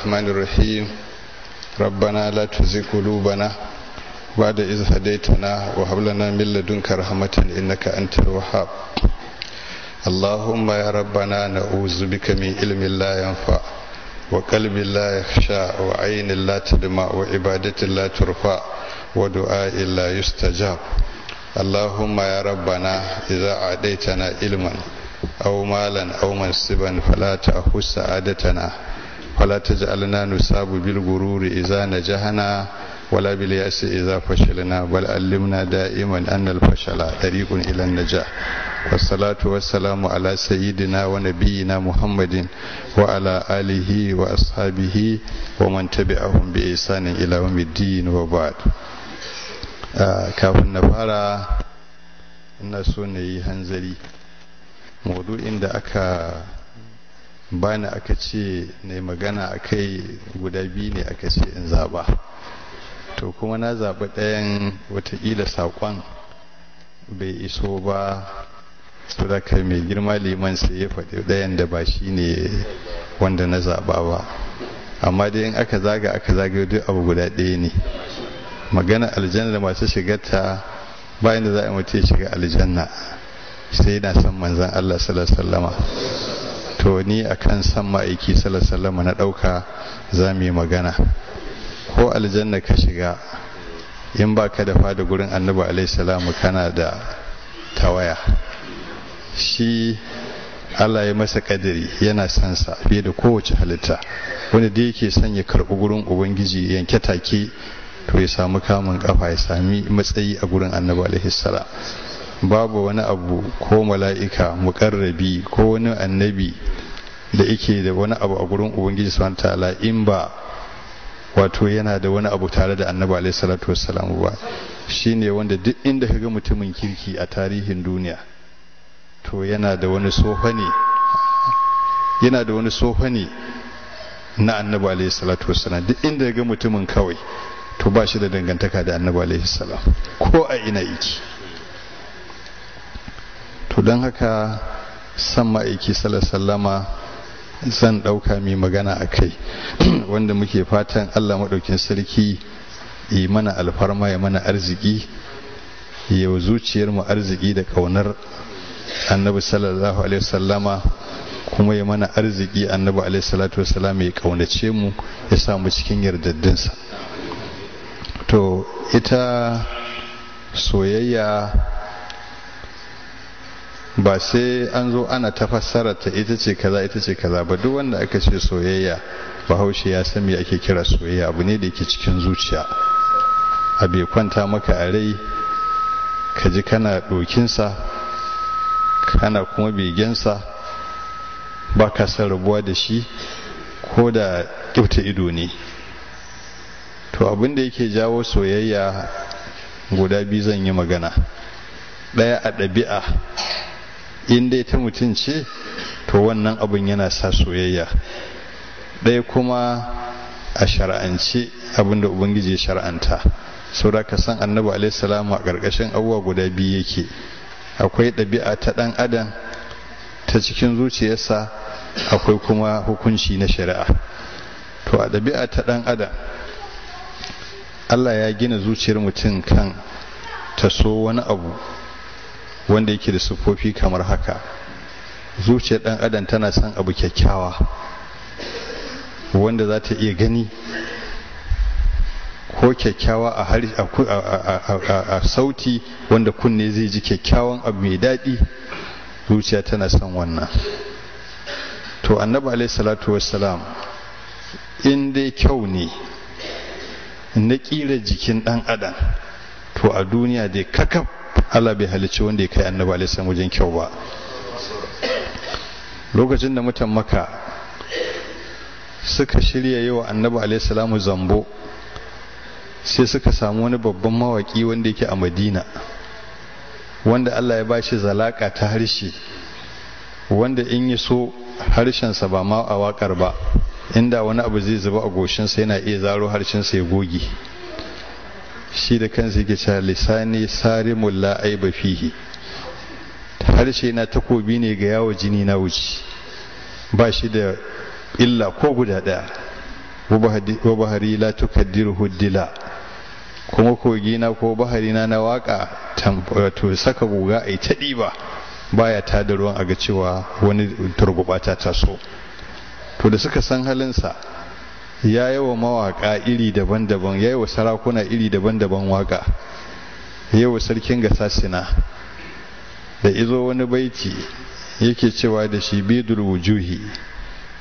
الرحمن الرحيم ربنا لا تزغ قلوبنا بعد إذ هديتنا وهب لنا من لدنك رحمة إنك أنت الوهاب اللهم يا ربنا نعوذ بك من علم لا ينفع وقلب لا يخشى وعين لا تدمع وعبادة لا ترفع ودعاء لا يستجاب اللهم يا ربنا إذا أعطيتنا علما أو مالا أو منصبا فلا تأخذ سعادتنا فلا تجعلنا نصاب بالغرور إذا نجحنا ولا باليأس إذا فشلنا بل علمنا دائما أن الفشل طريق إلى النجاح والصلاة والسلام على سيدنا ونبينا محمد وعلى آله وأصحابه ومن تبعهم بإحسان إلى يوم الدين وبعد kafin na fara ina so na yi hanzari maudu'in da aka bani aka ce ne magana a kai guda biyu ne aka ce in zaɓa to kuma na zaɓi ɗayan watakila saƙon bai iso ba saboda mai girma liman sai ya faɗi ɗayan da ba shi ne wanda na zaɓa ba amma dai in aka zaga aka zaga duk abu guda ɗaya ne magana aljanna da masu shigarta bayan da za a mutu ya shiga aljanna sai na san manzan Allah sallallahu alaihi wasallama to ni akan san ma'aiki Salasalama na ɗauka za mu yi magana ko aljanna ka shiga in ba ka dafa da gurin annabi alaihissalamu kana da tawaya shi Allah ya masa kadiri yana son sa fiye da kowace halitta wanda da yake son ya karɓi gurin ubangiji yanke take to ya samu kamun kafa ya sami matsayi a gurin annabi alaihissalam babu wani abu ko mala'ika muƙarrabi ko wani annabi da yake da wani abu a gurin ubangiji subhanahu ta'ala in ba wato yana da wani abu tare da annabi alayhi salatu wassalam ba shine wanda duk inda kaga mutumin kirki a tarihin duniya to yana da wani sofa ne yana da wani sofa ne na annabi alayhi salatu wassalam duk inda kaga mutumin kawai to ba shi da dangantaka da annabi alayhi salam ko a ina yake to don haka san ma'aiki sallama zan ɗauka mai magana a kai wanda muke fatan allah maɗaukin sarki yi mana alfarma ya mana arziki yau mu arziki da ƙaunar annabi sallallahu alaihi wasallama kuma ya mana arziki annabi alaihi salatu wasallam ya kaunace mu ya samu cikin yardaddinsa to ita soyayya ba sai an zo ana ta fassara ta ita ce kaza ita ce kaza ba duk wanda aka ce soyayya bahaushe ya san me ake kira soyayya abu ne da yake cikin zuciya a bai kwanta maka a rai ka ji kana ɗokinsa kana kuma begensa ba ka san rabuwa da shi ko da kyauta ido ne to abin da yake jawo soyayya guda biyu zan yi magana ɗaya a ɗabi'a in dai ta mutum ce to wannan abin yana sa soyayya ɗaya kuma a shara'ance abinda ubangiji ya shara'anta saboda ka san annabi alaihi salamu a ƙarƙashin abuwa guda biyu yake akwai ɗabi'a ta ɗan adam ta cikin zuciyarsa akwai kuma hukunci na shari'a to a ɗabi'a ta ɗan adam allah ya gina zuciyar mutum kan ta so wani abu wanda yake da siffofi kamar haka zuciyar dan adam tana son abu kyakkyawa wanda za ta iya gani ko kyakkyawa a a sauti wanda kunne zai ji kyakkyawan abu mai daɗi zuciya tana son wannan to annaba salatu wasalam in dai kyau ne na ƙira jikin ɗan adam to a duniya dai kakaf Allah bai halicci wanda ya kai annabi alaihi salam wajen kyau ba lokacin da mutan maka suka shirya yi wa annabi alaihi salamu zambo sai suka samu wani babban mawaki wanda yake a madina wanda Allah ya bashi zalaka ta harshe wanda in yi so harshensa ba ma a wakar ba inda wani abu zai zuba a goshinsa yana iya zaro harshensa ya goge shi da kansa yake cewa lisani sarimul la aiba fihi harshe na takobi ne ga yawo jini na wuce ba shi da illa ko guda daya wa bahari la tukaddiruhu dila kuma kogina ko baharina na waka wato saka guga a yi ta ba baya ta da ruwan a ga cewa wani turgubata ta so to da suka san halinsa ya yi wa mawaƙa iri daban-daban ya yi wa sarakuna iri daban-daban waƙa ya yi wa sarkin gasasina da izo wani baiti yake cewa da shi bidul wujuhi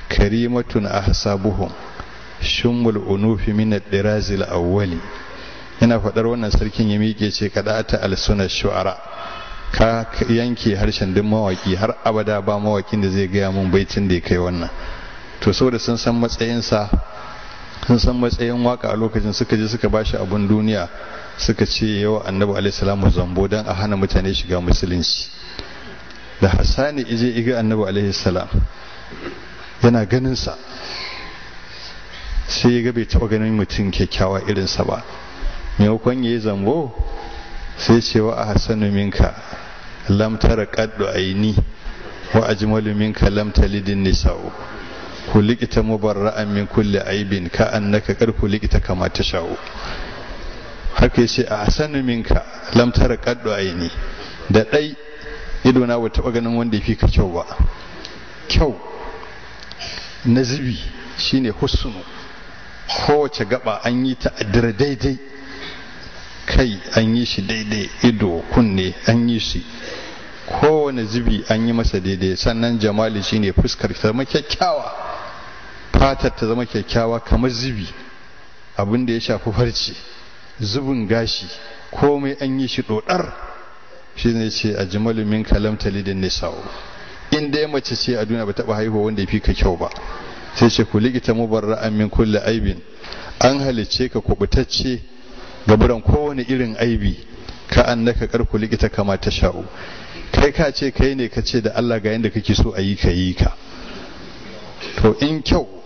karimatun a hasabuhun shummul unufi min dirazil awwali yana faɗar wannan sarkin ya miƙe ce kaɗa ta alsuna shu'ara ka yanke harshen duk mawaki har abada ba mawaƙin da zai gaya mun baitin da ya kai wannan to saboda sun san matsayinsa sun san matsayin waka a lokacin suka je suka bashi abun duniya suka ce yau annabi alaihi zambo don a hana mutane shiga musulunci da hasani ije iga annabi alaihi salam yana sa sai ya ga bai taɓa ganin mutum kyakkyawa irin sa ba me ya yi zambo sai cewa a hasanu minka tara kaddu aini wa ajmalu minka lam talidin nisa'u kulikita mubarra'an min kulli aibin ka annaka kar likita kama ta sha'u haka yace a sanin minka lamtar tara qaddu aini da dai ido na wata ganin wanda yafi ka kyau ba kyau nazibi shine husnu kowace gaba an yi ta daidai kai an yi shi daidai ido kunne an yi shi kowane zubi an yi masa daidai sannan jamali shine fuskar ta kyakkyawa fatar ta zama kyakkyawa kamar zubi abinda ya shafi farce zubin gashi komai an yi shi dodar shi ne ce a jimalin min kalam talidin nisa'u in dai mace ce a duniya ba taba haihuwa wanda ya fi ka kyau ba sai ce ku likita ra'an min kulli aibin an halicce ka kubutacce gaburan kowane irin aibi ka annaka ku likita kama ta sha'u kai ka ce kai ne ka ce da Allah ga yanda kake so a yi ka yi ka to in kyau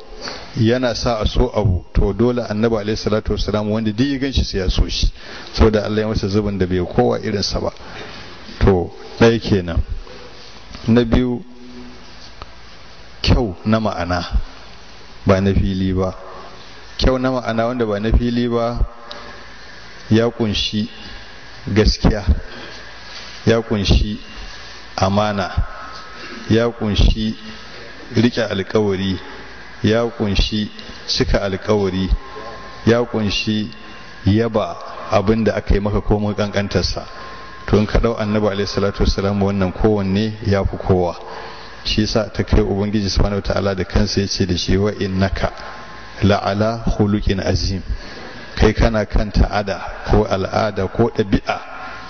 yana sa a so abu to dole annabi alaihi salatu wasalam wanda duk ya ganshi sai ya so shi saboda Allah ya masa zubin da bai kowa irinsa ba to ɗaya kenan na biyu kyau na ma'ana ba na fili ba kyau na ma'ana wanda ba na fili ba ya kunshi gaskiya ya kunshi amana ya kunshi riƙe alkawari ya kunshi cika alkawari ya kunshi yaba abinda aka yi maka komai kankantarsa to in ka dau annabi alayhi salatu wassalam wannan kowanne ya fi kowa shi yasa ta kai ubangiji subhanahu wataala da kansa ya ce da shi wa innaka la'ala khuluqin azim kai kana kan ta'ada ko al'ada ko ɗabi'a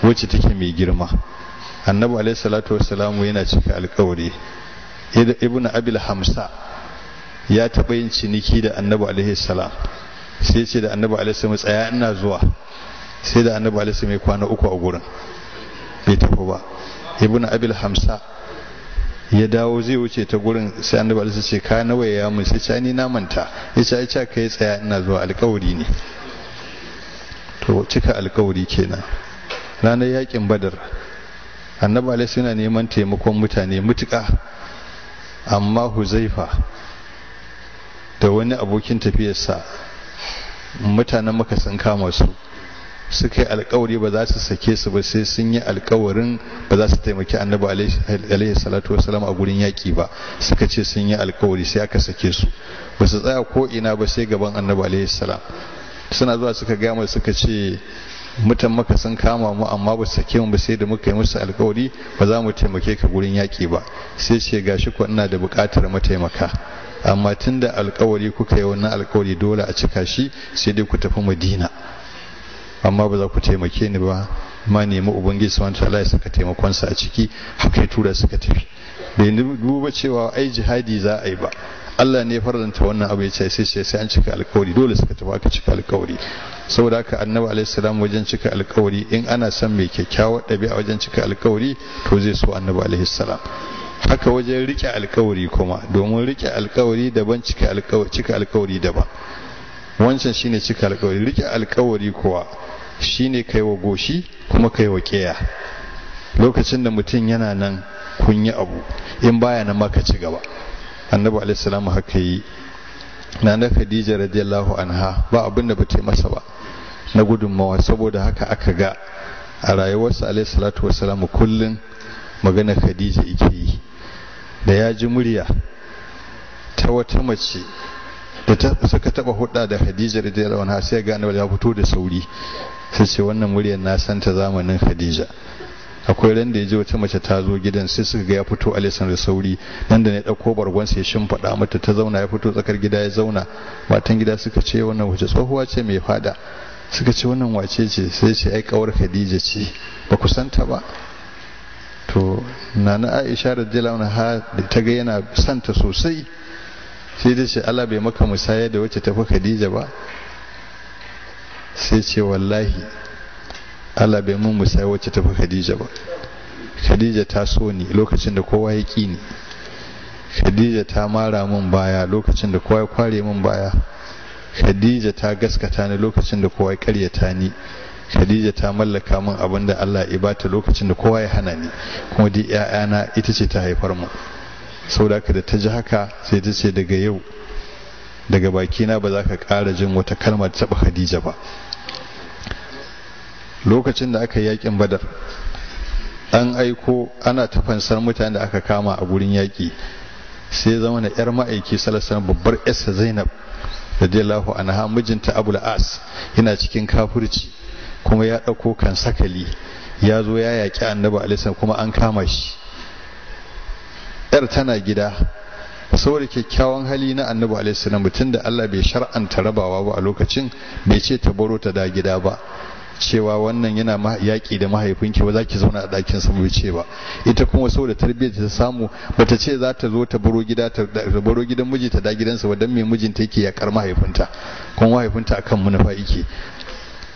wacce take mai girma annabi alayhi salatu wassalam yana cika alkawari ibnu abil hamsa ya taɓa yin ciniki da annabi alaihi salam sai ce da annabi alaihi salam tsaya ina zuwa sai da annabi alaihi salam ya kwana uku a gurin bai tafi ba ibnu abil hamsa ya dawo zai wuce ta gurin sai annabi alaihi salam ce ka nawa ya mun sai ce ni na manta ya ce ai ka yi tsaya ina zuwa alƙawari ne to cika alƙawari kenan ranar yakin badar annabi alaihi salam yana neman taimakon mutane mutuka amma huzaifa da wani abokin tafiyarsa mutanen maka sun kama su suka yi alkawari ba za su sake su ba sai sun yi alkawarin ba za su taimaki annabi alaihi salatu wasalam a gurin yaƙi ba suka ce sun yi alkawari sai aka sake su ba su tsaya ko ina ba sai gaban annabi alaihi salam suna zuwa suka gama suka ce mutan maka sun kama mu amma ba su sake mu ba sai da muka yi musu alkawari ba za mu taimake ka gurin yaƙi ba sai ce gashi ko ina da buƙatar mataimaka amma tunda alkawari kuka yi wannan alkawari dole a cika shi sai dai ku tafi madina amma ba za ku taimake ni ba ma nemi ubangiji subhanahu wataala ya saka taimakonsa a ciki haka ya tura suka tafi bai duba cewa ai jihadi za a yi ba Allah ne faranta wannan abu ya ce sai sai sai an cika alkawari dole suka tafi aka cika alkawari saboda haka annabi alaihi salam wajen cika alkawari in ana son mai kyakkyawar ɗabi'a wajen cika alkawari to zai so annabi alaihi salam haka wajen rike alkawari kuma domin rike alkawari daban cika alkawari cika daban wancan shine cika alkawari rike alkawari kuwa shine kaiwa goshi kuma kaiwa wa keya lokacin da mutum yana nan kun yi abu in baya nan maka ci gaba annabi alayhi salamu haka yi na na khadija radiyallahu anha ba abin da bata masa ba na gudunmawa saboda haka aka ga a rayuwarsa alayhi salatu wasalamu kullum magana khadija yake yi da ya ji murya ta wata mace da suka taba hudda da Khadija ya anha sai ga annabi ya fito da sauri sai ce wannan muryar na santa zamanin Khadija akwai ran da ya ji wata mace ta zo gidan sai suka ga ya fito alisan da sauri nan da ne dauko bargon sai shimfiɗa mata ta zauna ya fito tsakar gida ya zauna matan gida suka ce wannan wace tsohuwa ce mai fada suka ce wannan wace ce sai ce ai kawar Khadija ce ba ku santa ba to nana aisha radiyallahu anha ta ga yana santa sosai sai dai ce Allah bai maka musaya da wacce tafi Khadija ba sai ce wallahi Allah bai mun musaya wacce tafi Khadija ba Khadija ta so ni lokacin da kowa ya ki ni Khadija ta mara mun baya lokacin da kowa ya kware mun baya Khadija ta gaskata ni lokacin da kowa ya karyata ni khadija ta mallaka min abin da allah ya bata lokacin da kowa ya hana ni kuma duk ‘ya'yana ita ce ta haifar mu saboda haka da ta ji haka sai ta ce daga yau daga bakina ba za ka ƙara jin wata kalmar taɓa khadija ba lokacin da aka yi yakin badar an aiko ana ta fansar mutane da aka kama a gurin yaƙi sai zama na 'yar ma'aiki salasan babbar yasa zainab radiyallahu anha mijinta abul as yana cikin kafirci kuma ya ɗauko kan sakali ya zo ya yaƙi annabi alisa kuma an kama shi yar tana gida saboda kyakkyawan hali na annabi alisa na mutum da allah bai shar'anta rabawa ba a lokacin bai ce ta baro ta da gida ba cewa wannan yana yaƙi da mahaifinki ba za ki zauna a ɗakin sa bai ce ba ita kuma saboda tarbiyyar ta samu bata ce za ta zo ta baro gida ta baro gidan miji ta da gidansa ba dan me mijinta yake yakar mahaifinta kuma mahaifinta akan munafa yake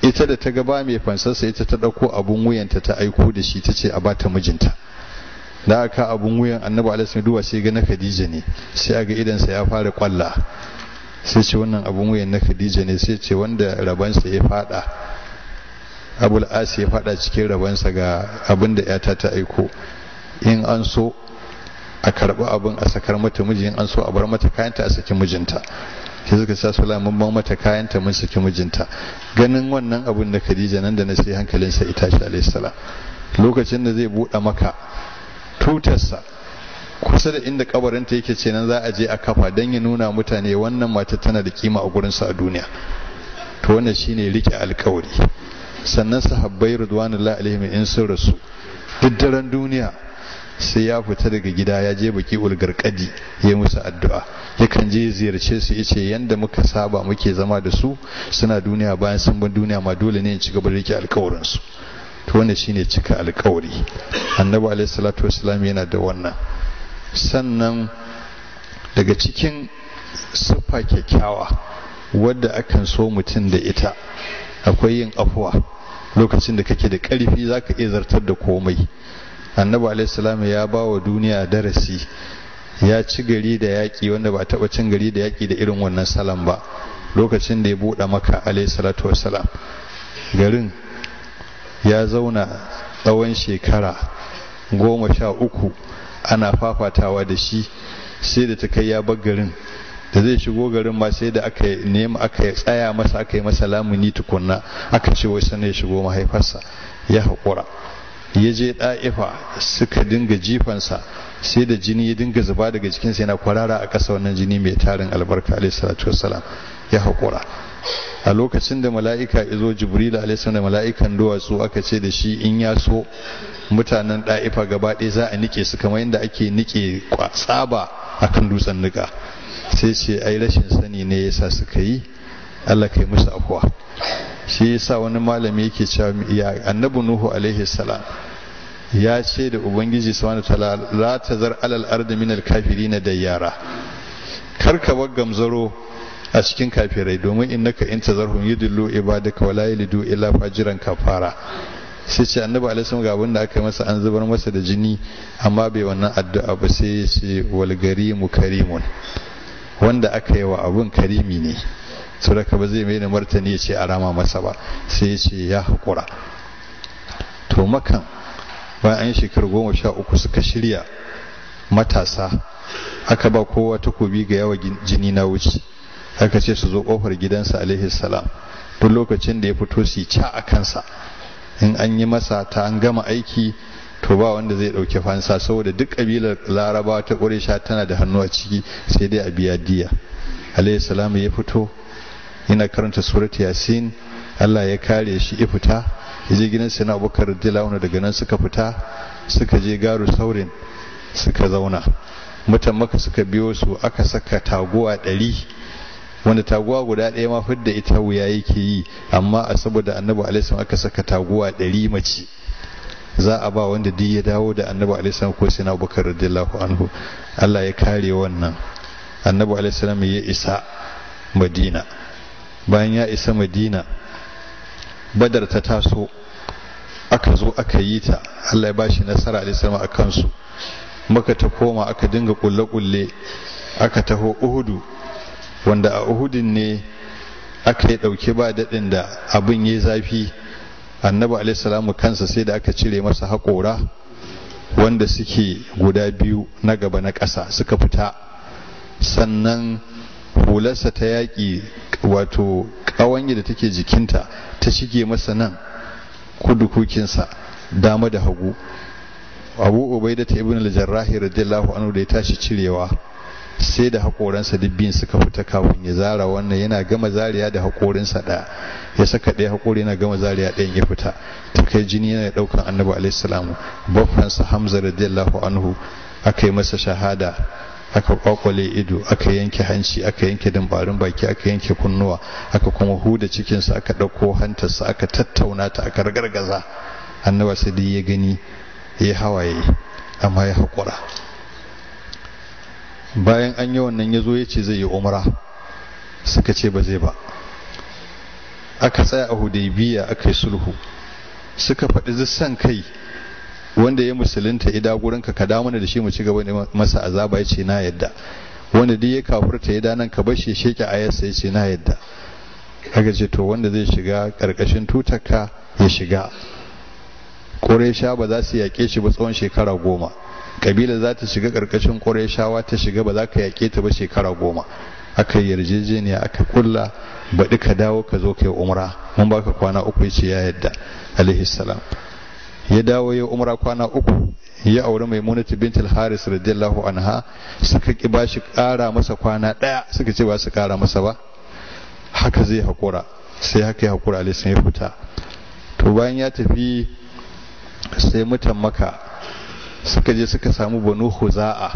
ita da ta gaba mai fansarsa ita ta ɗauko abin wuyanta ta aiko da shi ta ce a ba ta mijinta da aka abun wuyan annabi alaihi duwa sai ga na khadija ne sai a ga idansa ya fara kwalla sai ce wannan abun wuyan na khadija ne sai ce wanda rabansa ya fada abul as ya fada cikin rabansa ga abin da yata ta aiko in an so a karɓi abin a sakar mata mijin an so a bar mata kayanta a sakin mijinta sai suka sa sula mun mata kayanta mun saki mijinta ganin wannan abun da Khadija nan da na sai sa ita shi alayhi salam lokacin da zai buɗe maka tutarsa kusa da inda kabarinta yake ce nan za a je a kafa dan ya nuna mutane wannan mata tana da kima a sa a duniya to wannan shine rike alkawari sannan sahabbai ridwanullahi alaihim in sun rasu duk daren duniya sai ya fita daga gida ya je baki ulgarkadi ya musu addu'a yakan je ziyarce su ya ce yanda muka saba muke zama da su suna duniya bayan sun ban duniya ma dole ne in ci gaba da rike alkawarin su to wannan shine cika alkawari annabi alaihi salatu yana da wannan sannan daga cikin siffa kyakkyawa wadda akan so mutum da ita akwai yin afuwa lokacin da kake da ƙarfi zaka iya zartar da komai annabi alaihi ya ba wa duniya darasi ya ci gari da yaƙi wanda ba taɓa cin gari da yaƙi da irin wannan salam ba lokacin da ya buɗe maka alaihi salatu wassalam garin ya zauna tsawon shekara goma sha uku ana fafatawa da shi sai da ta kai ya bar garin da zai shigo garin ma sai da aka nema aka tsaya masa aka yi masa lamuni tukunna aka ce wai sanai shigo mahaifarsa ya haƙura ya je ɗa'ifa suka dinga jifansa sai da jini ya dinga zuba daga jikinsa yana kwarara a ƙasa wannan jini mai tarin albarka alaihissalatu ya haƙura a lokacin da mala'ika ya zo jibril alaihissalam da mala'ikan duwatsu aka ce da shi in ya so mutanen ɗa'ifa gaba ɗaya za a nike su kamar yadda ake nike tsaba akan dutsen nika sai ce ai rashin sani ne yasa suka yi Allah kai musu afuwa shi yasa wani malami yake cewa ya annabi nuhu alaihi salam ya ce da ubangiji subhanahu ta'ala la tazar alal ardi min al kafirin dayyara karka bar gamzaro a cikin kafirai domin innaka in tazarhum yudillu ibadaka wala yalidu illa fajiran kafara sai ce annabi alaihi ga abin da aka masa an zubar masa da jini amma bai wannan addu'a ba sai ya ce wal garimu karimun wanda aka yi wa abun karimi ne saboda ba zai mai da martani ya ce a rama masa ba sai ya ce ya haƙura to makan bayan shekaru goma sha uku suka shirya matasa aka ba kowa takobi ga yawa jini na wuce aka ce su zo ƙofar gidansa alaihi salam duk lokacin da ya fito su ca a kansa in an yi masa ta an gama aiki to ba wanda zai ɗauki fansa saboda duk ƙabilar larabawa ta ƙurisha tana da hannu a ciki sai dai a biya diya alaihi salam ya fito Ina karanta surat yasin Allah ya kare shi ya fita ya je gidan sai na abubakar radiyallahu daga nan suka fita suka je garu saurin suka zauna mutan maka suka biyo su aka saka taguwa ɗari wanda taguwa guda ɗaya ma fidda ita wuya yake yi amma a saboda annabi alaihi aka saka taguwa ɗari mace za a ba wanda duk ya dawo da annabi alaihi ko sai na abokar dila anhu Allah ya kare wannan annabi alaihi ya isa madina bayan ya isa madina badar ta taso aka zo aka yi ta allah ya ba shi nasara a a kansu maka ta koma aka dinga kulle-kulle aka taho uhudu wanda a uhudin ne aka yi ɗauke ba daɗin da abin ya zafi annabi alaihissalamu kansa sai da aka cire masa haƙora wanda suke guda biyu na gaba na ƙasa suka fita sannan hularsa ta yaƙi wato ƙawanye da take jikinta ta shige masa nan kudukukinsa dama da hagu abu ubaida ta ibn al-jarrahi radiyallahu anhu da ya tashi cirewa sai da haƙoransa dubbin suka fita kafin ya zara wannan yana gama zariya da haƙorinsa ɗaya ya saka ɗaya haƙori yana gama zariya ɗayan ya fita ta kai jini yana ɗaukan annabi alaihi salamu baffansa hamza radiyallahu anhu aka yi masa shahada aka kwakwale ido aka yanke hanci aka yanke dambarin baki aka yanke kunnuwa aka kuma huda cikinsa aka ɗauko hantarsa aka tattauna ta aka ragargaza annaba sai dai ya gani ya hawaye amma ya haƙura bayan an yi wannan ya zo ya ce zai yi umra suka ce ba zai ba aka tsaya a hudaybiya aka yi sulhu suka faɗi san kai wanda ya musulunta ida gurin ka kada mana da shi mu ci gaba da masa azaba ya ce na yadda wanda duk ya kafurta ya danan ka bashi sheke ayarsa ya ce na yadda aka ce to wanda zai shiga karkashin tutarka ya shiga Quraysha ba za su yaƙe shi ba tsawon shekara goma kabila za ta shiga karkashin Qurayshawa ta shiga ba za ka yaƙe ta ba shekara goma aka yarjejeniya aka kulla baɗi ka dawo ka zo kai umra mun baka kwana uku ya ce ya yadda alaihi salam ya dawo ya umra kwana uku ya auri maimunatu bintul haris radiyallahu anha suka ki bashi kara masa kwana daya suka ce ba su kara masa ba haka zai hakura sai haka ya hakura alai ya fita to bayan ya tafi sai mutan maka suka je suka samu banu huza'a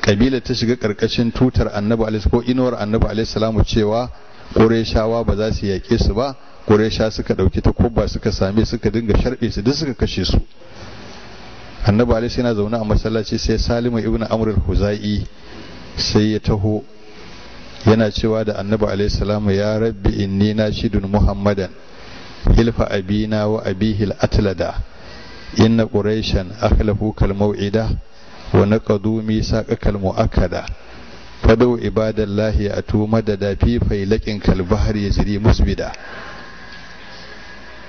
kabila ta shiga karkashin tutar annabi alaihi ko inuwar annabi alaihi salamu cewa qurayshawa ba za su yake su ba Quraysha suka dauki takubba suka same suka dinga sharbe su duk suka kashe su Annabi sai yana zaune a masallaci sai Salimu ibn Amr al-Huzai sai ya taho yana cewa da Annabi alaihi salamu ya rabbi inni nashidun Muhammadan hilfa abina wa abihil atlada inna quraishan akhlafu kal maw'ida wa naqadu misaqakal mu'akkada fadu ibadallahi atu madada fi failakin kal bahri yajri musbida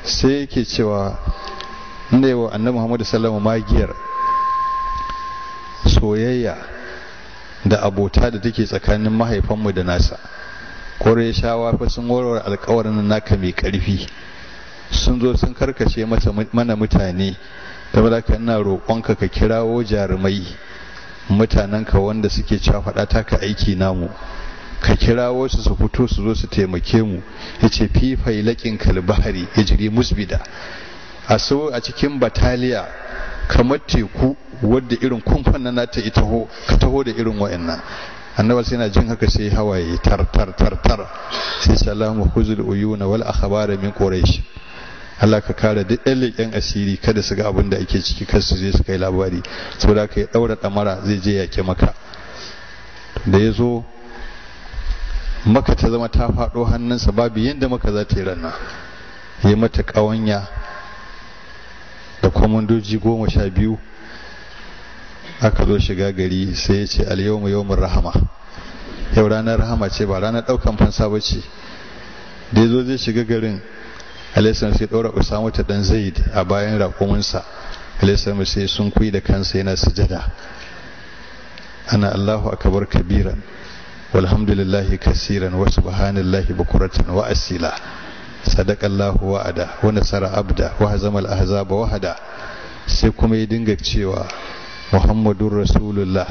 sai yake cewa inda yawa annabi muhammadu sallama magiyar soyayya da abota da take tsakanin mahaifanmu da nasa kore shawa fa sun warware alkawarin naka mai karfi sun zo sun karkace mana mutane saboda ka ina roƙonka ka kirawo jarumai mutanenka wanda suke cafaɗa ka aiki namu ka kira wasu su fito su zo su taimake mu ya ce fifai laƙin kalbahari ya jiri musbida a so a cikin bataliya kamar teku wadda irin kumfan na nata ita ka taho da irin wa'annan annabi sai na jin haka sai hawaye tar tar tar tar sai salamu huzul uyuna wal akhbara min quraish Allah ka kare duk ɗan leƙen asiri kada su ga abin da ake ciki kar su je su kai labari saboda ka ya ɗaura ɗamara zai je yaƙi maka da ya zo maka ta zama ta faɗo hannunsa babu yadda maka za ta yi ranna ya mata ƙawanya da kwamandoji goma sha biyu aka zo shiga gari sai ya ce alyawmu yawmur rahama yau ranar rahama ce ba ranar ɗaukan fansa ba ce da ya zo zai shiga garin alaisan sai ɗora usama ta ɗan zaid a bayan raƙuminsa alaisan sai sun kui da kansa yana sujada ana allahu akabar kabiran walhamdulillahi kasiran wa subhanallahi bukuratan wa asila sadakallahu wa'ada wa nasara abda wa hazamal ahzaba wahada sai kuma ya dinga cewa muhammadun rasulullah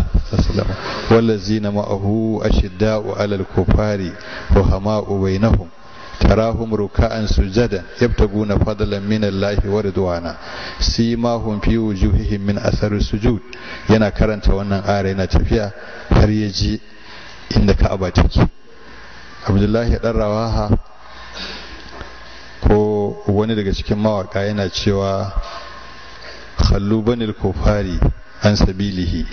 wallazina ma'ahu ashidda'u alal kufari ruhama'u bainahum تراهم ركعا سجدا يبتغون فضلا من الله ورضوانا سيماهم في وجوههم من اثر السجود yana karanta wannan ayar na tafiya har ya ji inda ka'aba take abdullahi dan rawaha ko wani daga cikin mawaka yana cewa khallu banil kufari an sabilihi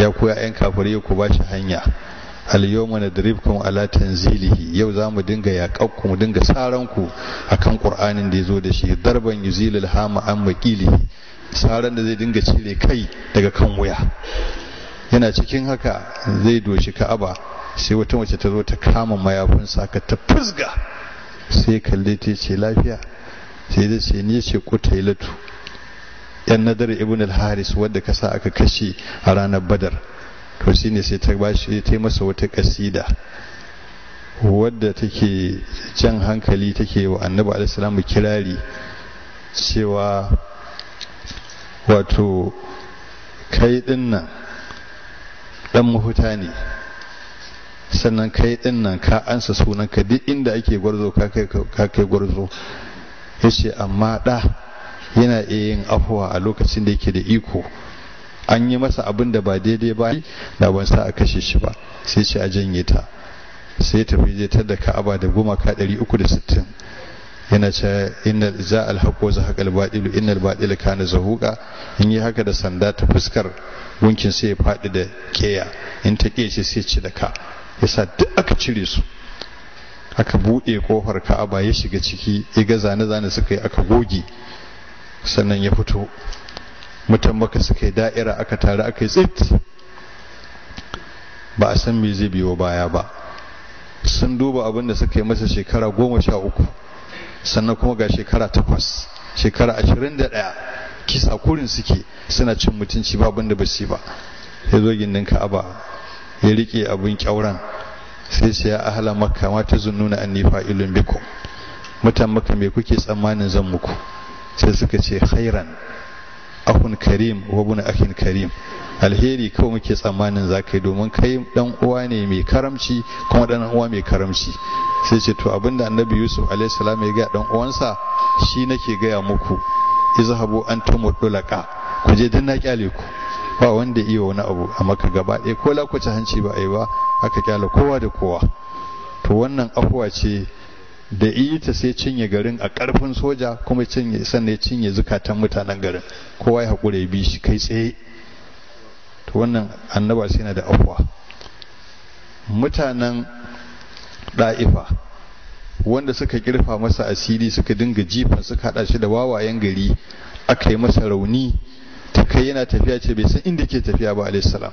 ya koya ya'yan kafirai ku ba shi hanya al yawma nadribkum ala tanzilihi yau za mu dinga yaƙakku mu dinga saranku akan qur'anin da ya zo da shi darban yuzilil hama an maqilihi saran da zai dinga cire kai daga kan wuya yana cikin haka zai doshi ka'aba sai wata mace ta zo ta kama mayafinsa ka ta fusga sai kalle ta ce lafiya sai da ce ni ce ko tailatu yan nadar ibn al-haris wadda ka sa aka kashe a ranar badar to shine sai ta bashi ta masa wata kasida wadda take jan hankali take wa annabi alaihi kirari cewa wato kai dinnan dan mahuta ne sannan kai din nan ka ansa sunan ka duk inda ake gwarzo ka kai gwarzo yace amma da yana iya yin afuwa a lokacin da yake da iko an yi masa abin da ba daidai ba da ban sa a kashe shi ba sai shi a janye ta sai ta fije ta da ka'aba da gumaka 360 yana ce inna za al haqu za haqal batil innal batila kana zahuqa in yi haka da sanda ta fuskar gunkin sai ya faɗi da keya in ta kece sai ci da ka yasa duk aka cire su aka buɗe kofar ka'aba ya shiga ciki ya ga zane-zane suka yi aka goge sannan ya fito mutan maka suka yi da'ira aka tare aka yi tsit ba a san me zai biyo baya ba sun duba abin da suka yi masa shekara goma sha uku sannan kuma ga shekara takwas shekara ashirin da ɗaya kisa kurin suke suna cin mutunci ba da ba ba ya zo gindin ka'aba ya riƙe abin ƙyauren sai ce ya ahala makka ma ta an anni ilin bikum mutan maka me kuke tsammanin zan muku sai suka ce hairan akun karim wa buna akin karim alheri kawai muke tsammanin za ka yi domin kai dan uwa ne mai karamci kuma dan uwa mai karamci sai ce to abinda annabi yusuf alaihi ya ga dan uwansa shi nake gaya muku izhabu antum dulaka ku je dan na kyale ku ba wanda iya wani abu a maka gaba ɗaya ko lakwace hanci ba a yi ba aka kyale kowa da kowa to wannan afuwa ce da ita sai cinye garin a ƙarfin soja kuma cinye sannan cinye zukatan mutanen garin kowa ya haƙura ya bi shi kai tsaye to wannan annaba sai yana da afwa mutanen da'ifa wanda suka kirfa masa asiri suka dinga jifan suka hada shi da wawayen gari aka yi masa rauni ta kai yana tafiya ce bai san inda ke tafiya ba alayhi salam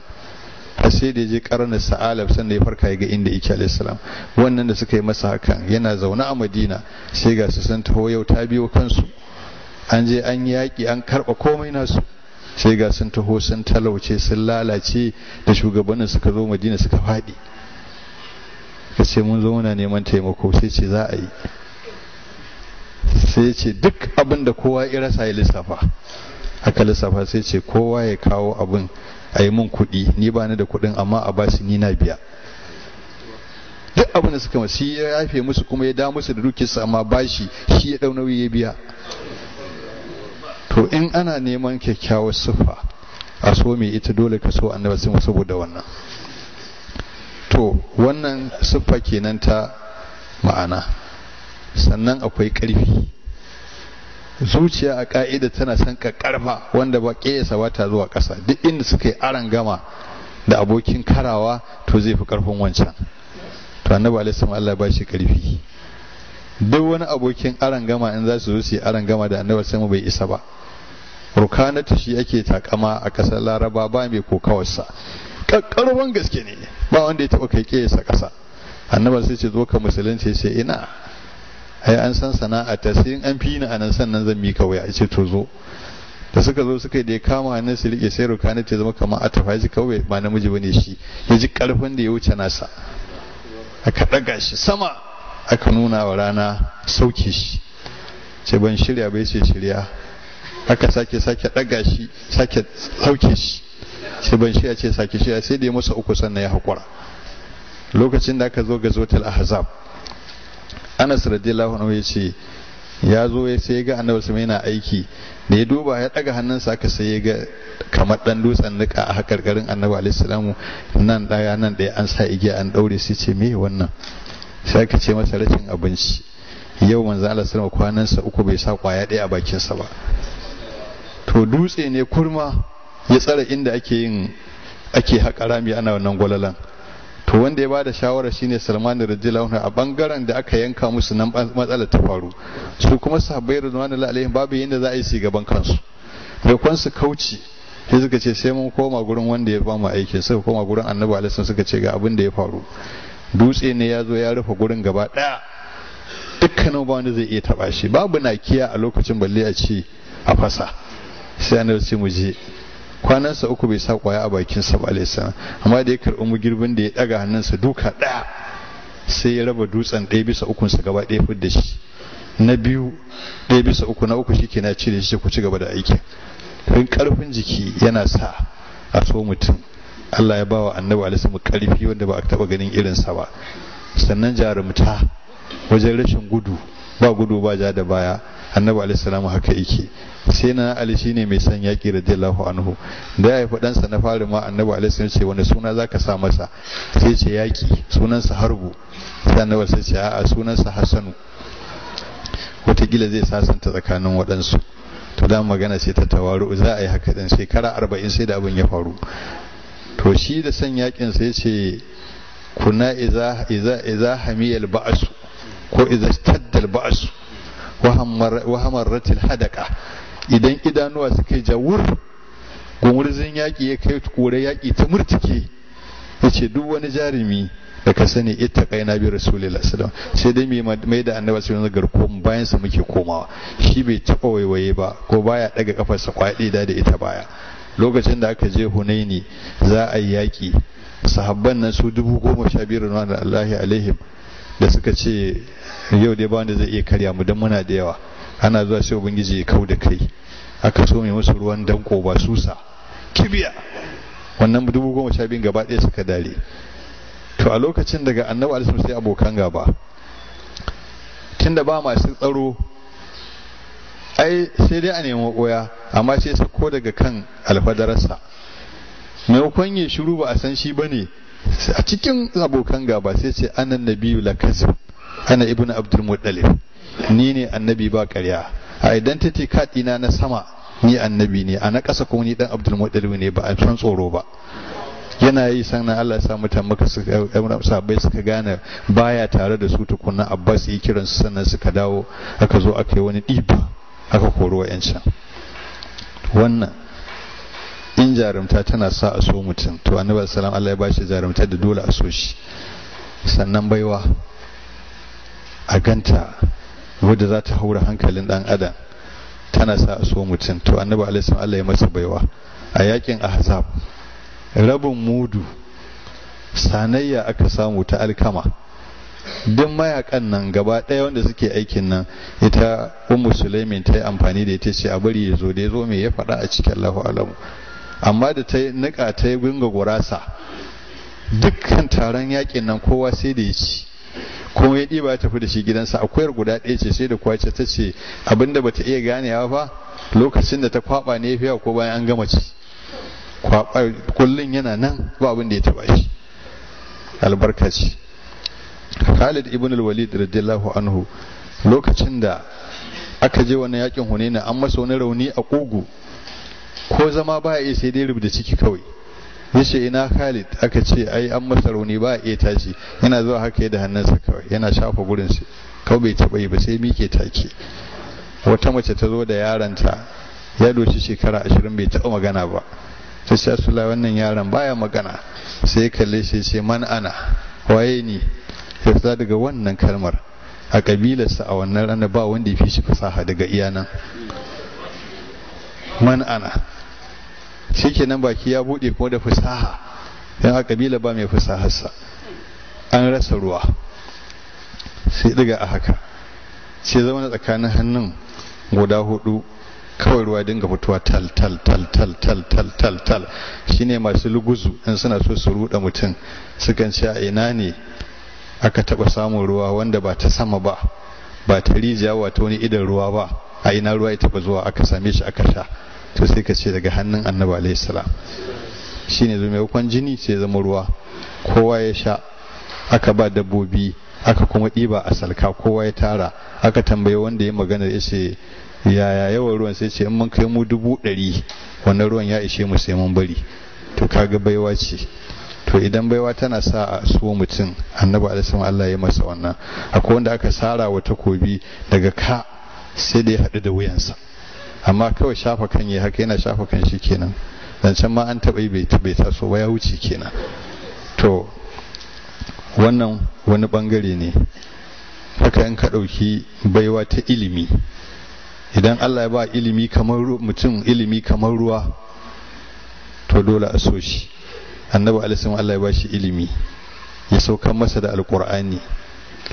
a sai da je karnar sa'alab sanda ya farka ya ga inda yake alayhi salam wannan da suka yi masa hakan yana zaune a madina sai ga su san taho yau ta biyo kansu an je an yaƙi an karɓa komai nasu sai ga sun taho sun talauce sun lalace da shugabannin suka zo madina suka faɗi ka ce mun zo muna neman taimako sai ce za a yi sai ce duk abin da kowa ya rasa ya lissafa haka lissafa sai ce kowa ya kawo abin a yi mun kuɗi ni ba ni da kuɗin amma a basu ni na biya duk abin da suka masu ya yafe musu kuma ya da musu da su amma bashi shi ya ɗau nauyi ya biya to in ana neman kyakkyawar siffa a so mai ita dole ka so annabi sun saboda wannan to wannan siffa kenan ta ma'ana sannan akwai ƙarfi zuciya a ka'ida tana son ka karfa wanda ba ƙesa ba ta zuwa ƙasa duk inda suka yi aran gama da abokin karawa to zai fi ƙarfin wancan to annabi alaihi Allah ba shi ƙarfi duk wani abokin aran gama in za su zo su yi aran gama da annabi sai bai isa ba rukanatu shi ake takama a ƙasar laraba ba mai kokawarsa ƙarƙarwan gaske ne ba wanda ya taɓa kai sa ƙasa annabar sai ce zo ka musulunci ce ina ai an san sana'a ta sai an fi ni anan sannan zan mika waya a ce to zo da suka zo suka da ya kama hannun su rike sai rukani ta zama kamar a tafa kawai ba namiji bane shi ya ji karfin da ya wuce nasa aka daga shi sama aka nuna wa rana sauke shi ce ban shirya bai ce shirya aka sake sake daga shi sake sauke shi sai ban shi ce sake shi sai dai masa uku sannan ya haƙura lokacin da aka zo ga zotal ahzab anas radiyallahu anhu ya ce ya zo ya sai ga annabi sama yana aiki da ya duba ya daga hannunsa aka sai ya ga kamar dan dutsen nika a hakarkarin annabi alaihi nan daya nan daya an sa igiya an daure sai ce me wannan sai aka ce masa rashin abinci yau manzo alaihi kwanan sa uku bai sa kwaya daya a bakinsa ba to dutse ne kurma ya tsara inda ake yin ake haƙa rami ana wannan gwalalan to wanda ya bada shawara shine Salman radiyallahu anhu a bangaren da aka yanka musu nan matsalar ta faru su kuma sahabbai radiyallahu alaihim babu yanda za a yi su gaban kansu da su kauci sai suka ce sai mun koma gurin wanda ya bamu aiki sai koma gurin annabi alaihi suka ce ga abin da ya faru dutse ne ya zo ya rufe gurin gaba daya dukkanin ba wanda zai iya taba shi babu nakiya a lokacin balle a ce a fasa sai annabi ce mu je kwanansa uku bai sa kwaya a sa ba alaihissalam amma da ya karbi mu girbin da ya ɗaga hannunsa duka ɗaya sai ya raba dutsen ɗaya bisa ukunsa gaba ɗaya fudda shi na biyu ɗaya bisa uku na uku shike na cire shi ku ci gaba da aikin kun ƙarfin jiki yana sa a so mutum Allah ya ba wa annabi alaihissalam karfi wanda ba a taɓa ganin irinsa ba sannan jarumta wajen rashin gudu ba gudu ba ja da baya annabi alayhi salamu haka yake sai na ali shine mai son yaki radiyallahu anhu da ya haifi ɗansa na fari ma annabi alayhi salamu ce wani suna zaka sa masa sai ce yaki sunansa harbu sai annabi sai ce a'a sunansa hasanu wataƙila zai sasanta tsakanin waɗansu to da magana ce ta tawaru za a yi haka din shekara arba'in sai da abin ya faru to shi da son yakin sai ce kuna iza iza iza hamiyal ba'su ko iza shaddatal ba'su wa hadaka idan idanuwa suka jawur gumurzin yaƙi ya kai kore yaƙi ta murtike yace duk wani jarumi da ka sani ita kai na bi rasulullahi sallallahu alaihi sai dai mai da annabi sallallahu alaihi wasallam bayan sa muke komawa shi bai taba waiwaye ba ko baya daga kafarsa kwaɗi da da ita baya lokacin da aka je hunaini za a yi yaƙi sahabban nan su dubu goma sha biyar na Allah alaihim da suka ce yau dai ba wanda zai iya karya mu dan muna da yawa ana zuwa sai ubangiji ya kau da kai aka so mai musu ruwan danko ba susa kibiya wannan dubu goma sha biyun gaba ɗaya suka dare to a lokacin daga annabi alisu sai abokan gaba da ba masu tsaro ai sai dai a nemi koya amma sai sako daga kan alfadararsa maimakon ya shiru ba a san shi ba ne. a cikin abokan gaba sai ce anan nabiyu la kasu ana ibnu abdul muttalib ni ne annabi ba ƙarya a identity card ina na sama ni annabi ne a na ƙasa kuma ni dan abdul muttalib ne ba a san tsoro ba yana yi sannan Allah ya sa mutan maka sabai suka gane baya tare da su tukunna Abbas yi kiran su sannan suka dawo aka zo aka yi wani ɗiba aka koro wa'ancan wannan in jarumta tana sa a so mutum to annabi sallam Allah ya bashi jarumta da dole a so shi sannan baiwa a ganta wadda za ta haura hankalin dan adam tana sa a so mutum to annabi alaihi Allah ya masa baiwa a yakin ahzab rabin mudu sanayya aka samu ta alkama duk mayakan nan gaba ɗaya wanda suke aikin nan ita ummu sulaimin ta yi amfani da ita ce a bari ya zo da ya zo mai ya faɗa a cikin Allahu alamu amma da ta nika ta yi gunga gurasa dukkan taron yakin nan kowa sai da ya ci kuma ya ɗiba ya tafi da shi gidansa akwai guda ɗaya ce sai da kwace ta ce abinda bata iya gane ganewa ba lokacin da ta kwaba ne fiya ko bayan an gama ci kwaba kullun yana nan ba abin ya taba shi albarka ce Khalid ibn al-Walid radiyallahu anhu lokacin da aka je wannan yakin Hunaina an masa wani rauni a kugu ko zama ba iya sai dai rubuta ciki kawai ya ina khalid aka ce ai an masa rauni ba iya tashi yana zuwa haka ya da hannunsa kawai yana shafa gurin shi kawai bai taɓa yi ba sai mike take wata mace ta zo da yaranta ya doshi shekara ashirin bai taba magana ba ta sha sula wannan yaron baya magana sai ya kalle shi ce man ana waye ni ya fita daga wannan kalmar a kabilarsa a wannan ranar ba wanda ya fi shi fasaha daga iyanan man ana nan baki ya buɗe kuma da fusaha yan a kabila ba mai fasaharsa an rasa ruwa sai diga a haka sai zama na tsakanin hannun guda hudu kawai ruwa dinga fitowa tal tal tal tal tal tal tal tal ne masu luguzu in suna so su ruɗa mutum sukan ce a ina ne aka taba samun ruwa wanda ba ta sama ba ba ta rijiya wata wani idan ruwa ba a ina ruwa ya taɓa zuwa aka same shi aka sha to sai ka ce daga hannun annabi alaihi salam shine maimakon jini sai zama ruwa kowa ya sha aka ba dabbobi aka kuma ɗiba a salka kowa ya tara aka tambaye wanda ya magana ya ce yaya yawan ruwan sai ce in mun kai mu dubu ɗari wannan ruwan ya ishe mu sai mun bari to kaga baiwa ce to idan baiwa tana sa a so mutum annabi alaihi Allah ya masa wannan akwai wanda aka sara wa takobi daga ka sai da ya haɗu da wuyansa amma kawai shafa kan yi haka yana shafa kan shi kenan zancen ma an taɓa yi bai taso ba ya wuce kenan to wannan wani ɓangare ne haka in ka ɗauki baiwa ta ilimi idan allah ya ba ilimi kamar mutum ilimi kamar ruwa to dole a so shi annabi alisun allah ya ba shi ilimi ya saukan masa da alƙur'ani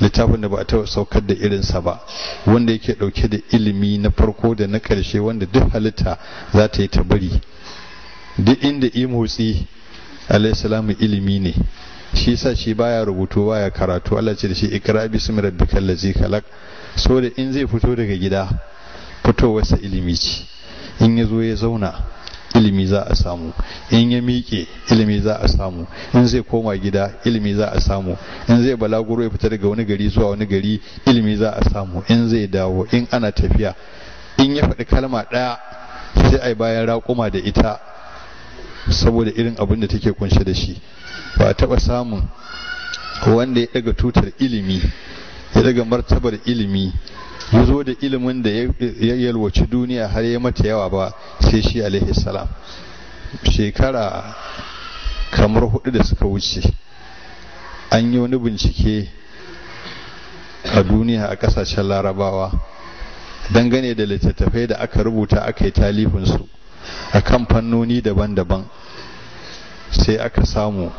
littafin da ba a taɓa saukar da irinsa ba wanda yake ɗauke da ilimi na farko da na ƙarshe wanda duk halitta za ta yi ta bari duk inda imotsi alaihissalamu ilimi ne shi sa shi baya rubutu baya karatu Allah ce da shi ikra bismi kalla zai khalaq so da in zai fito daga gida fitowarsa ilimi ce in ya zo ya zauna ilimi za a samu in ya miƙe ilimi za a samu in zai koma gida ilimi za a samu in zai balaguro ya fita daga wani gari zuwa wani gari ilimi za a samu in zai dawo in ana tafiya in ya faɗi kalma ɗaya sai a yi bayan raƙuma da ita saboda irin abin da take kunshe da shi ba a taɓa samun wanda ya ɗaga tutar ilimi ya daga martabar ilimi ya zo da ilimin da ya yalwaci duniya har ya mata yawa ba sai shi alaihi salam shekara kamar hudu da suka wuce an yi wani bincike a duniya a kasashen larabawa dangane da littattafai da aka rubuta aka yi talifinsu a kan fannoni daban-daban sai aka samu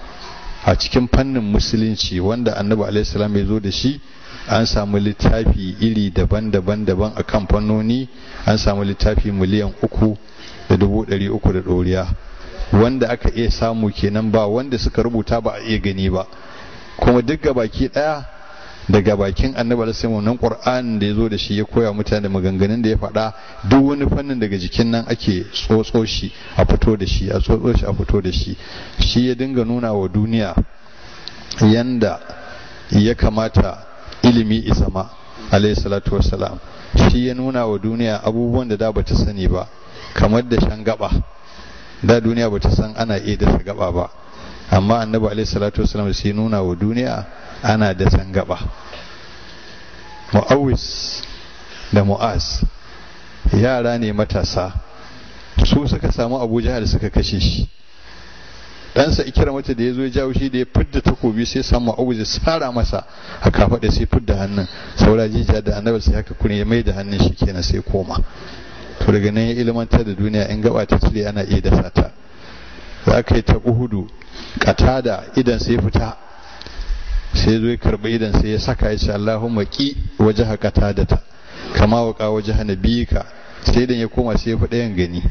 a cikin fannin musulunci wanda annabi salam ya zo da shi an samu littafi iri daban-daban daban a kan fannoni an samu littafi miliyan uku da dubu ɗari uku da ɗoriya wanda aka iya samu kenan ba wanda suka rubuta ba a iya gani ba kuma duk gabaki ɗaya daga bakin annabi alaihi nan qur'an da yazo da shi ya koya mutane maganganun da ya faɗa duk wani fannin daga jikin nan ake tsotso shi a fito da shi a tsotso shi a fito da shi shi ya dinga nuna wa duniya yanda ya kamata ilimi izama alayhi salatu wassalam shi ya nuna wa duniya abubuwan da da ta sani ba kamar da shan gaba da duniya ba ta san ana iya dasa gaba ba amma annabi alayhi salatu wassalam ya nuna wa duniya ana dasan gaba mu'awis da mu'az yara ne matasa su suka samu abu jihar suka kashe shi ɗansa mata da ya zo ya jawo shi da ya fidda takobi sai samu auzi sara masa a da sai fidda hannun saura jijiya da annabi sai haka kun ya mai da hannun shi kenan sai koma to daga nan ya ilmantar da duniya in gaba ta cire ana iya dasa ta za ka yi ta uhudu idan sai fita sai zo ya karɓi idan sai ya saka ya ce Allahumma ki wajaha kata da ta kama wa ka wajaha nabiyika sai idan ya koma sai ya faɗa yan gani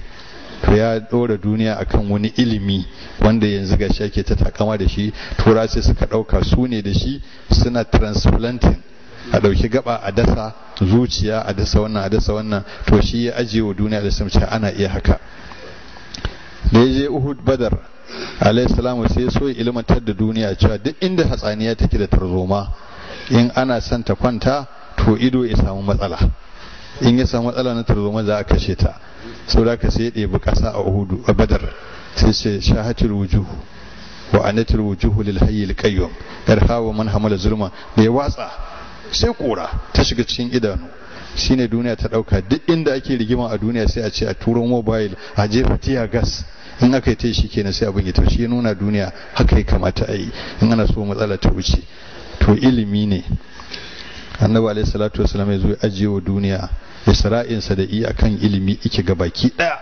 to ya ɗora duniya akan wani ilimi wanda yanzu ga shi ta takama da shi tura sai suka ɗauka su ne da shi suna transplanting a ɗauki gaba a dasa zuciya a dasa wannan a dasa wannan to shi ya ajiye wa duniya da sun ana iya haka da ya je uhud badar salamu sai so ya ilmantar da duniya cewa duk inda hatsaniya take da tarzoma in ana son ta kwanta to ido ya samu matsala in ya samu matsala na tarzoma za a kashe ta saboda ka sai ɗebi ƙasa a hudu a badar sai ce shahatul wujuhu wa anatul wujuhu lil hayyil qayyum irhawa man hamala zulma da ya watsa sai kura ta shiga cikin idanu shine duniya ta ɗauka duk inda ake rigima a duniya sai a ce a turo mobile a jefa tiya gas in aka yi ta shi kenan sai abin ya shi ya nuna duniya haka ya kamata a yi in ana so matsala ta wuce to ilimi ne annabi alaihi salatu wasallam ya zo ya ajiye wa duniya isra'insa da iya kan ilimi ike gabaki ɗaya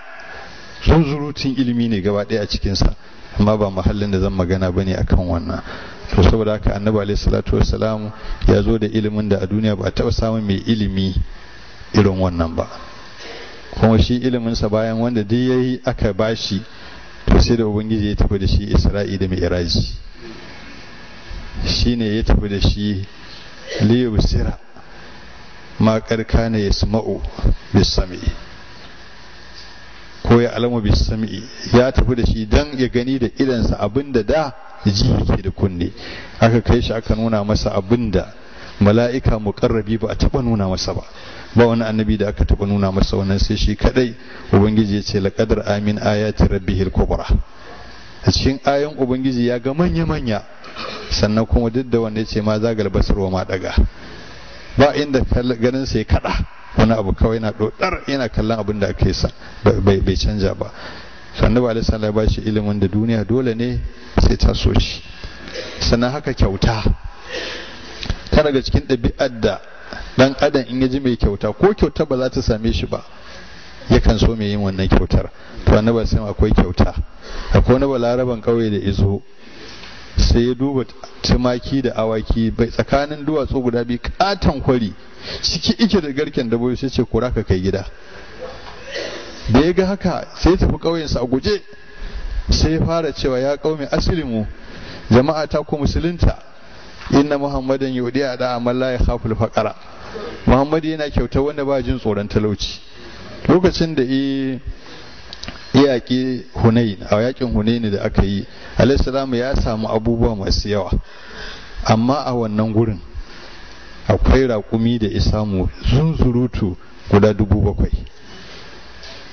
zurutun ilimi ne gaba ɗaya a cikinsa amma ba mahallin da zan magana ba ne akan wannan to saboda haka annabi alaihi salatu wassalam ya zo da ilimin da a duniya ba a taɓa samun mai ilimi irin wannan ba kuma shi iliminsa bayan wanda duk yi aka bashi to sai da ubangiji ya tafi da shi isra'i da shi ne ya tafi da shi sira ma karka ne yasma'u bisami ko ya alamu bisami ya tafi da shi dan ya gani da idansa abinda da ji yake da kunne aka kai shi aka nuna masa abinda mala'ika mu karrabi ba a taɓa nuna masa ba ba wani annabi da aka taɓa nuna masa wannan sai shi kadai ubangiji ya ce laqadar amin ayati rabbihil kubra a cikin ayan ubangiji ya ga manya manya sannan kuma duk da wanda ya ce ma zagal basar wa ma daga ba inda ganin sai kada wani abu kawai na dodar yana kallon abin da aka yi sa bai canja ba Sannu ba alaihi sallallahu ba shi ilimin da duniya dole ne sai ta so shi sannan haka kyauta ta daga cikin ɗabi'ar da dan adam in ya ji mai kyauta ko kyauta ba za ta same shi ba yakan so mai yin wannan kyautar to annabi sai akwai kyauta akwai wani balaraban kauye da izo sai ya duba tumaki da awaki bai tsakanin duwatsu guda biyu katon kwari ciki ike da garken da sai ce kura ka kai gida da ya ga haka sai tafi ƙauyensa a guje sai fara cewa ya ƙaume asilimu jama'a ta ku musulunta inna muhammadan yudi a da amma la yakhaful faqara muhammad yana kyauta wanda ba jin tsoron talauci lokacin da i yaƙi hunain a yaƙin ne da aka yi alaihi ya samu abubuwa masu yawa amma a wannan gurin akwai raƙumi da isamu zunzurutu guda dubu bakwai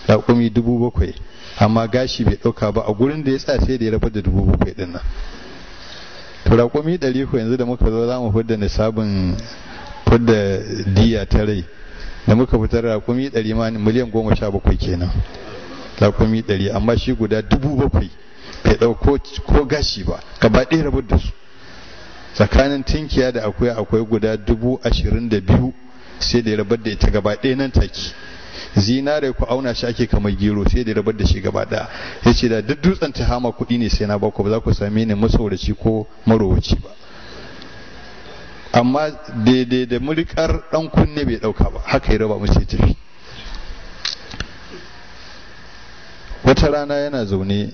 raƙumi dubu bakwai amma gashi bai ɗauka ba a gurin da ya sa sai da ya rabar da dubu bakwai ɗin nan to raƙumi ɗari ko yanzu da muka zo za mu fudda nisabin fudda diya ta rai da muka fitar raƙumi ɗari ma miliyan goma sha bakwai kenan raƙumi ɗari amma shi guda dubu bakwai bai dauko ko gashi ba gaba ɗaya rabu da su tsakanin tinkiya da akwai akwai guda dubu ashirin da biyu sai da ya rabar da ita gaba ɗaya nan take zinare ku auna shi ake kamar gero sai da rabar da shi gaba ɗaya ya da duk dutsen ta hama kuɗi ne sai na ku ba za ku same ni masauraci ko marowaci ba amma daidai da mulikar ɗan kunne bai ɗauka ba haka ya raba musu ya tafi wata rana yana zaune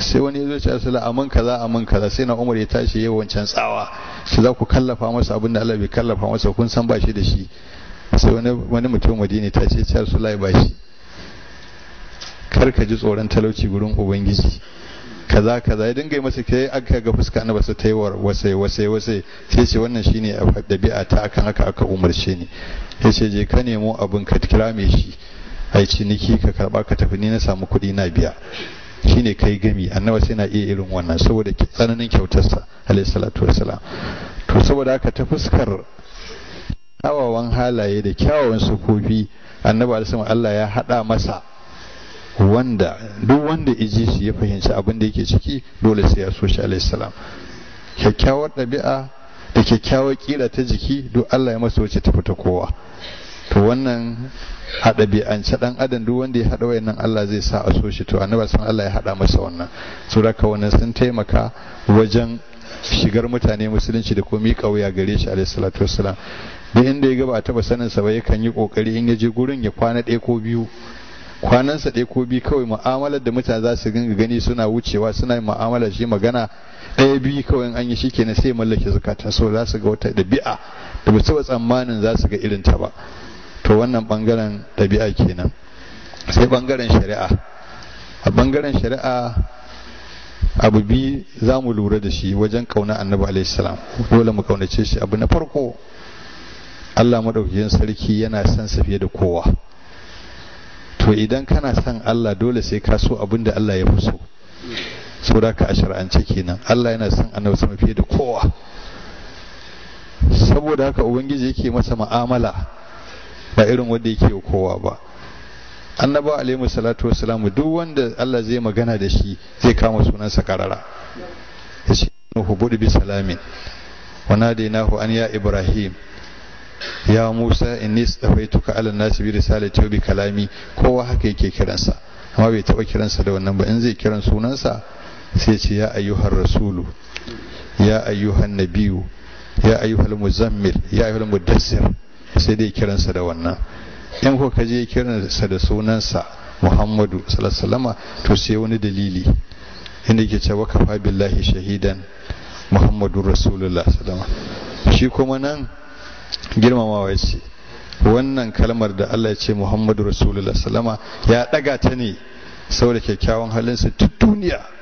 sai wani zo ce asala amin kaza amin kaza sai na umar ya tashi yayin wancan tsawa sai za ku kallafa masa abin da Allah bai kallafa masa kun san ba shi da shi sai wani wani mutum madini ta ce ya rasulullahi ba shi kar ka ji tsoron talauci gurin ubangiji kaza kaza ya dinga masa kai aka ga fuska na basu yi wasai wasai wasai sai ce wannan shine dabi'a ta akan haka aka umarce ni sai ce je ka nemo abin ka kira me shi ai ciniki ka karba ka tafi ni na samu kuɗi na biya shine kai gami annabi sai na iya irin wannan saboda tsananin kyautarsa alayhi salatu wassalam to saboda haka ta fuskar kyawawan halaye da kyawawan sukofi annabi alisama Allah ya haɗa masa wanda duk wanda iji shi ya fahimci abin da yake ciki dole sai ya so shi alayhi salam kyakkyawar ɗabi'a da kyakkyawar kila ta jiki duk Allah ya masa wacce ta fita kowa to wannan a ɗabi'ance ɗan adam duk wanda ya haɗa wayannan Allah zai sa a so shi to annaba san Allah ya haɗa masa wannan su da wannan sun taimaka wajen shigar mutane musulunci da komi kauya gare shi alayhi salatu wassalam da inda ya ga ba a taɓa sanin sa ba yakan yi kokari in ya je gurin ya kwana ɗaya ko biyu kwanansa ɗaya ko biyu kawai mu'amalar da mutane za su ganga gani suna wucewa suna yin mu'amalar shi magana ɗaya biyu kawai an yi shi kenan sai mallake zukatan so za su ga wata ɗabi'a da ba su tsammanin za su ga irin ta ba to wannan bangaren ɗabi'a kenan sai bangaren shari'a a bangaren shari'a abu bi za mu lura da shi wajen kauna annabi alaihissalam dole mu kaunace shi abu na farko allah maɗaukiyar sarki yana son sa fiye da kowa to idan kana son allah dole sai ka so abin da allah ya fi so saboda ka a shari'ance kenan allah yana son annabi sama fiye da kowa saboda haka ubangiji yake masa ma'amala ba irin wanda yake wa kowa ba annaba alaihi salatu wassalam duk wanda Allah zai magana da shi zai kama sunansa karara yace nuhu budu bi salamin wa nadainahu an ya ibrahim ya musa inni stafaituka ala nasi bi risalati wa bi kalami kowa haka yake kiransa amma bai taba kiransa da wannan ba in zai kiran sunansa sai ce ya ayyuhar rasulu ya ayyuhan nabiyu ya ayyuhal muzammil ya ayyuhal mudassir sai dai kiransa da wannan in ko ka je kiransa da sunansa muhammadu sallallahu to sai wani dalili inda ke cewa kafa billahi shahidan muhammadu rasulullah sallallahu shi kuma nan girmamawa ce wannan kalmar da Allah ya ce muhammadu rasulullah sallallahu ya daga ta ne saboda kyakkyawan halinsa duk duniya